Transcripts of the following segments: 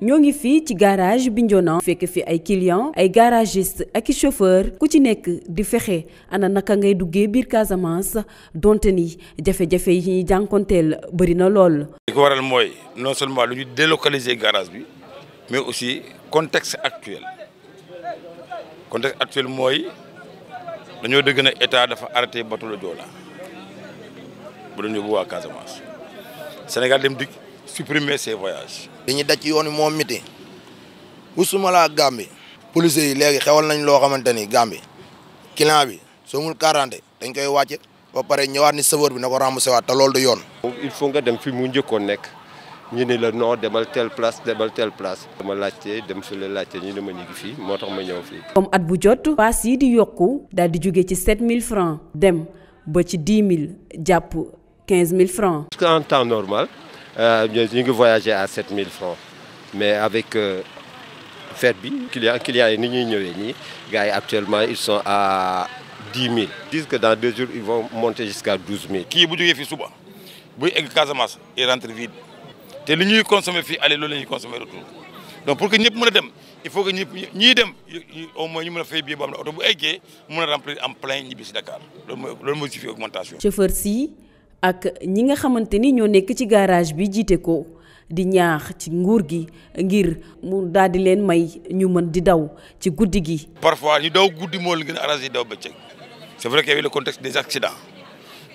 ñoo ngi fi ci garage bi Bignona fekk fi ay clients ay garagiste ak i chauffeur ku ci nekk di fexe ana naka ngay duggee biir Casamance donte ni jafe-jafe yi ñuy jànkonteel bëri na lool. li ko waral mooy non seulement lu ñu délocaliser garage bi mais aussi contexte actuel contexte actuel mooy dañoo dëgg na état dafa arrêté bateau le ba doon yóbbu waa Casamance Sénégal dem dik supprimer ses voyages. dañuy daj ci yoon wi moo miti wusuma laa Gambie. police yi léegi xewal nañ loo xamante ni Gambie client bi soo mul quarante dañ koy wàcce ba pare ñëwaat ni chauffeur bi na ko remboursé waat te loolu du yoon. il faut nga dem fi mu njëkkoon nekk. ñu ne la non demal telle place demal telle place. dama laajte dem su la laajte ñu ne ma ñu fii moo tax ma ñëw fii. comme at bu jot. paas yi di yokku daal ci 7000 francs dem ba ci 10 000 jàpp. quinze mille francs. en temps normal euh, ñu ngi voyager à sept mille francs mais avec euh, bi client clients yi ni ñuy ñëwee ñii gars yi actuellement ils sont à dix mille. disent que dans deux jours ils vont monter jusqu'à douze kii bu jógee fi suba buy egg Casamance il rentre vide te li ñuy consommer fii aller loolu la ñuy consommer retour donc pour que ñëpp mën dem il faut que ñëpp ñiy dem au moins ñu mën a fay billet boo xam ne bu eggee mën a remplir en plein ñibbi si Dakar loolu mooy loolu ak ñi nga xamante ni ñoo nekk ci garage bi jiite ko di ñaax ci nguur gi ngir mu daal di leen may ñu mën di daw ci guddi gi. parfois ñu daw guddi moo leen gën a arrangé daw bëccëg c'est vrai qu'il y le contexte des accidents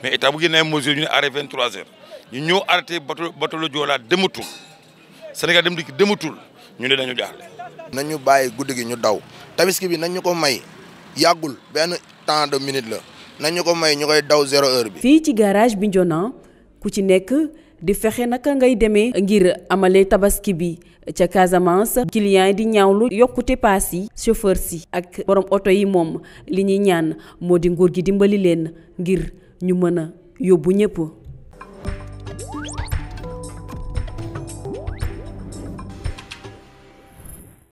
mais état bu génnee ay ñu ne arrêté 23 heures ñu ñëw arrêté bato bato la Joola dematul Sénégal dem di dematul ñu ne dañu jaaxle. nañu bàyyi guddi gi ñu daw tabaski bi nañu ko may yàggul benn temps de minute la. nañu ko may ñu koy daw zéro heure bi. fii ci garage bi Bignona ku ci nekk di fexe naka ngay demee. ngir amale tabaski bi ca Casamance. client yi di ñaawlu yokkute paas yi. chauffeur si ak borom oto yi moom li ñuy ñaan moo di nguur gi dimbali leen ngir ñu mën a yóbbu ñëpp.